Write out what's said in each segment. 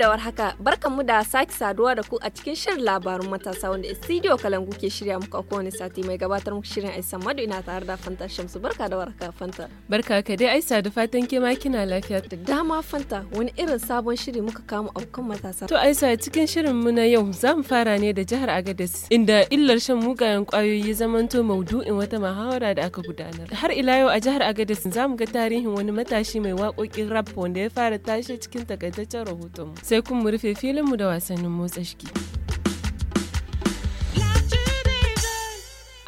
da warhaka, barkanmu da sake saduwa da ku a cikin shirin labarun matasa wanda studio Kalangu ke shirya muku a kowane sati mai gabatar muku shirin Aisha Madu ina tare da Fanta Shamsu barka da warhaka Fanta. Barka ka dai aisa da fatan ke ma kina lafiya. Da dama Fanta wani irin sabon shiri muka kama a kan matasa. To aisa cikin shirin mu na yau za mu fara ne da jihar Agadez inda illar shan mugayen kwayoyi zamanto maudu'in wata muhawara da aka gudanar. Har ila yau a jihar Agadez za mu ga tarihin wani matashi mai waƙoƙin rap wanda ya fara tashi cikin takaitaccen rahoton. sai kuma rufe filinmu da wasannin motsa jiki.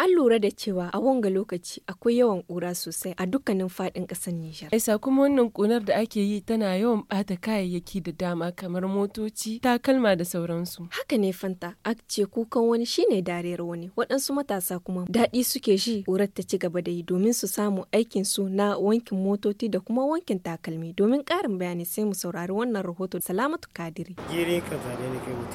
An lura da cewa a wanga lokaci akwai yawan ƙura sosai a dukkanin faɗin ƙasar Nijar. Aisa kuma wannan ƙunar da ake yi tana yawan bata kayayyaki da dama kamar motoci, takalma da sauransu. Haka ne Fanta, a ce kukan wani shine dariyar wani, waɗansu matasa kuma daɗi suke ji ƙurar ta ci gaba da yi domin su samu aikin su na wankin motoci da kuma wankin takalmi. Domin ƙarin bayani sai mu saurari wannan rahoto Salamatu Kadiri.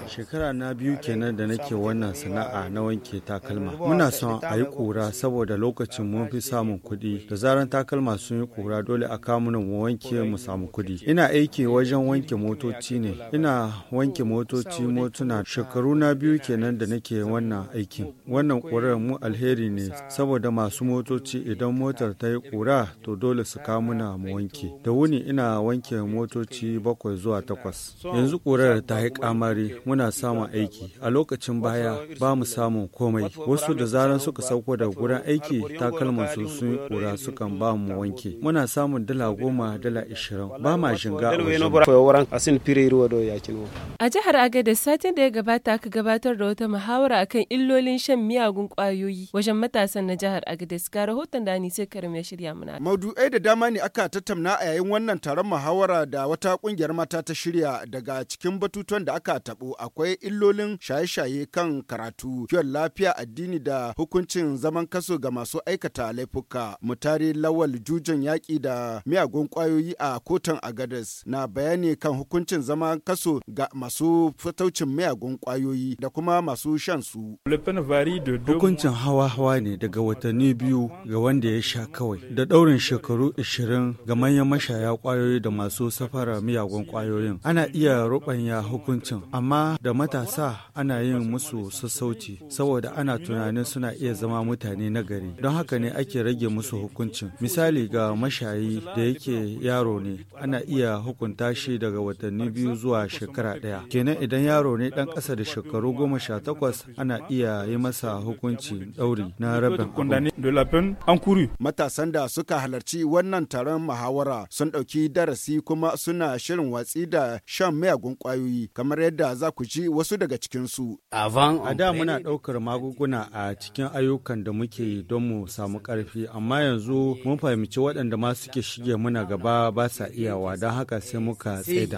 Shekara na biyu kenan da nake wannan sana'a na wanke takalma. Muna son a yi kura saboda lokacin mun fi samun kuɗi da zaran takalma sun yi kura dole a nan mu wanke mu samu kuɗi ina aiki wajen wanke motoci ne ina wanke motoci motuna shekaru na biyu kenan da nake wannan aikin wannan ƙurar mu alheri ne saboda masu motoci idan motar ta yi ƙura to dole su kamuna mu wanke da wuni ina wanke motoci bakwai zuwa takwas yanzu ƙurar ta yi kamari muna samun aiki a lokacin baya ba mu samun komai wasu da zaran suka sauko daga gurin aiki takalman su sun kura sukan ba mu wanke muna samun dala goma dala ishirin ba ma shiga a jihar agadez satin da ya gabata aka gabatar da wata muhawara akan illolin shan miyagun kwayoyi wajen matasan na jihar agadez ga rahoton da sai karim ya shirya muna maudu'ai da dama ne aka tattauna a yayin wannan taron muhawara da wata kungiyar mata ta shirya daga cikin batutuwan da aka tabo akwai illolin shaye-shaye kan karatu kiwon lafiya addini da hukumar hukuncin zaman kaso ga masu aikata laifuka. Mutari Lawal jujin yaƙi da miyagun ƙwayoyi a kotun agadas na bayani kan hukuncin zaman kaso ga masu fataucin miyagun ƙwayoyi da kuma masu shan su. Hukuncin hawa-hawa ne daga watanni biyu ga wanda ya sha kawai da ɗaurin shekaru 20 ga manyan mashaya ƙwayoyi da masu safara miyagun ƙwayoyin. Ana iya ruɓanya hukuncin amma da matasa ana yin musu sassauci saboda ana tunanin suna iya zama mutane na gari don haka ne ake rage musu hukuncin misali ga mashayi da yake yaro ne ana iya hukunta shi daga watanni biyu zuwa shekara ɗaya kenan idan yaro ne ɗan kasa da shekaru goma sha takwas ana iya yi masa hukunci dauri na rabin matasan da suka halarci wannan taron muhawara sun ɗauki darasi kuma suna shirin watsi da shan miyagun ƙwayoyi kamar yadda za ku ji wasu daga cikinsu. A da muna ɗaukar magunguna a cikin ayyukan da muke yi don mu samu ƙarfi amma yanzu mun fahimci waɗanda ma suke shige muna gaba ba sa iyawa don haka sai muka tsaida.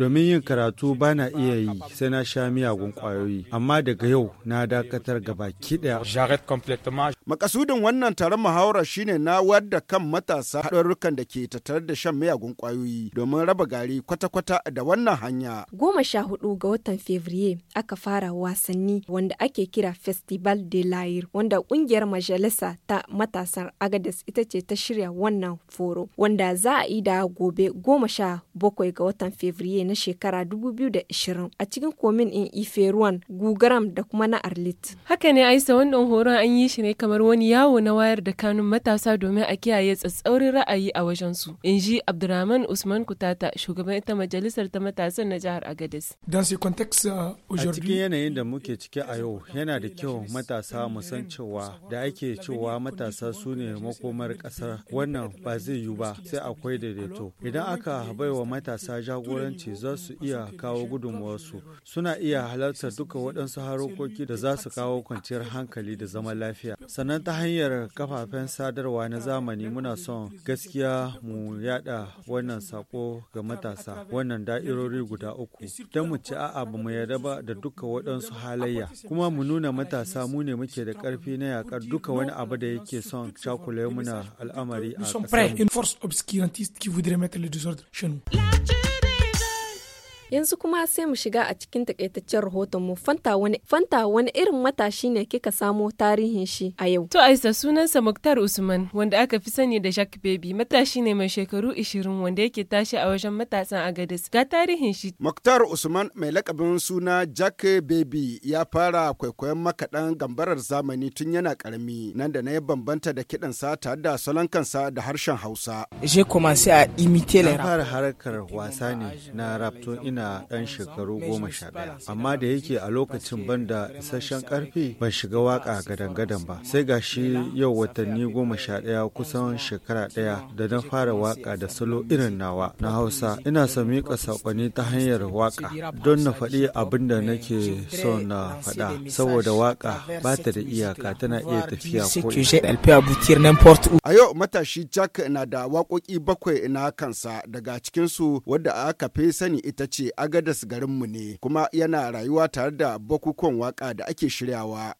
Domin yin karatu ba na iya yi sai na sha miyagun ƙwayoyi amma daga yau na dakatar gaba ki ɗaya. Makasudin wannan taron muhawara shine na wadda kan matasa haɗarurrukan da ke tattare da shan miyagun ƙwayoyi domin raba gari kwata-kwata da wannan hanya. Goma sha hudu ga watan Fevrier aka fara wasanni wanda ake kira Festival de Lair wanda ƙungiyar majalisa ta matasan Agadez ita ce ta shirya wannan foro wanda za a yi da gobe goma sha bakwai ga watan Fevrier na shekara 2020 a cikin komin in Ife Ruwan, Gugaram da kuma na Arlit. Haka ne Aisa wannan horon an yi shi ne kamar kamar wani yawo na wayar da kanun matasa domin a kiyaye tsatsaurin ra'ayi a wajensu in ji abdurrahman usman kutata shugaban ita majalisar ta matasan na jihar agadez euh, a cikin yanayin da muke ciki a yau yana da kyau matasa mu cewa da ake cewa matasa su ne makomar kasar wannan ba zai yiwu ba sai akwai daidaito idan aka baiwa matasa jagoranci za su iya kawo su suna iya halartar duka waɗansu harokoki da za su kawo kwanciyar hankali da zaman lafiya sannan ta hanyar kafafen sadarwa na zamani muna son gaskiya mu yada wannan sako ga matasa wannan da'irori guda uku don mu ci a'a ba mu yarda ba da duka waɗansu halayya kuma mu nuna matasa mu ne muke da ƙarfi na yakar duka wani abu da yake son cakulai muna al'amari a ƙasar. Yanzu kuma sai mu shiga a cikin takaitaccen rahoton mu Fanta wani Fanta wani irin matashi ne kika samo tarihin shi a yau. To aisa sunansa Muktar Usman wanda aka fi sani da Jack Baby matashi ne mai shekaru 20 wanda yake tashi a wajen matasan agadis Ga tarihin shi. Muktar Usman mai lakabin suna Jack Baby ya fara kwaikwayon makaɗan gambarar zamani tun yana karami nan da na ya bambanta da kiɗansa tare da salon kansa da harshen Hausa. Je commencer a imiter les fara harkar wasa ne na rap ina. ina ɗan shekaru goma sha ɗaya. Amma da yake a lokacin ban da isasshen ƙarfi ban shiga waka gadan-gadan ba. Sai ga shi yau watanni goma sha ɗaya kusan shekara ɗaya da na fara waƙa da salo irin nawa na Hausa. Ina son miƙa saƙonni ta hanyar waƙa don na faɗi abin da nake so na faɗa. Saboda waƙa ba ta da iyaka tana iya tafiya ko A yau matashi Jack na da waƙoƙi bakwai na kansa daga cikinsu wadda aka fi sani ita ce Agadas garinmu ne kuma yana rayuwa tare da bakukuwan waka da ake shiryawa.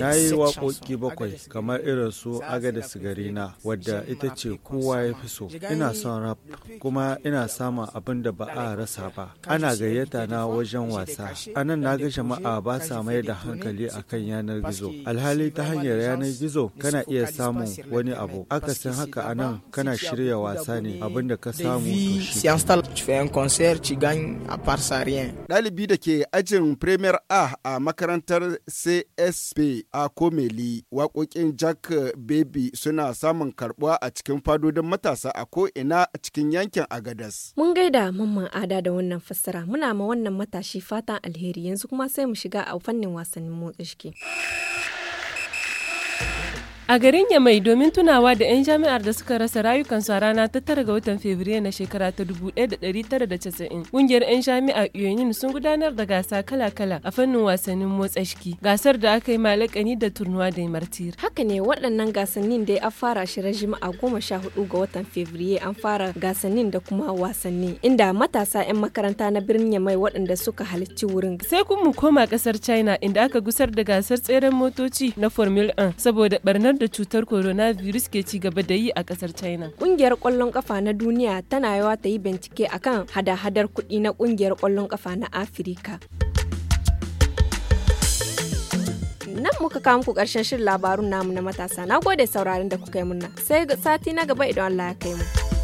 Na yi waƙoƙi bakwai kamar irin su Agadas na wadda ita ce kowa ya fi so. Ina son rap kuma ina samun abin da ba a rasa ba. Ana gayyata na wajen wasa. Anan na ga jama'a ba sa mai da hankali kan yanar gizo. Alhali ta hanyar yanar gizo kana iya samun wani abu. Akasin haka anan kana shirya wasa ne abin da ka samu gagne a farsa rien. Ɗalibi da ke ajin Premier A a makarantar CSP a Komeli waƙoƙin Jack Baby suna samun karɓuwa a cikin fadodin matasa a ko'ina a cikin yankin Agadas. Mun gaida mamman ada da wannan fassara muna ma wannan matashi fatan alheri yanzu kuma sai mu shiga a fannin wasannin motsa A garin Yamai domin tunawa da 'yan jami'ar da suka rasa rayukansu a rana ta tara ga watan Fabrairu na shekara ta dubu ɗaya da da ɗari tara casa'in ƙungiyar 'yan jami'a Uyonin sun gudanar da gasa kala-kala a fannin wasannin motsa shiki, gasar da aka yi malakani da turnuwa da martir. Haka ne waɗannan gasannin dai an fara shi rajim a goma sha hudu ga watan Fabrairu an fara gasannin da kuma wasanni, inda matasa 'yan makaranta na birnin Yamai waɗanda suka halarci wurin. Sai kun mu koma ƙasar China inda aka gusar da gasar tseren motoci na Formula 1 saboda barnar barnar da cutar coronavirus ke ci gaba da yi a kasar China. Kungiyar kwallon kafa na duniya tana yawa ta yi bincike akan hada-hadar kuɗi na kungiyar kwallon kafa na Afirka. Nan muka kawo muku ƙarshen shirin labarun namu na matasa. Na gode sauraron da kuka yi muna. Sai sati na gaba idan Allah ya kai mu.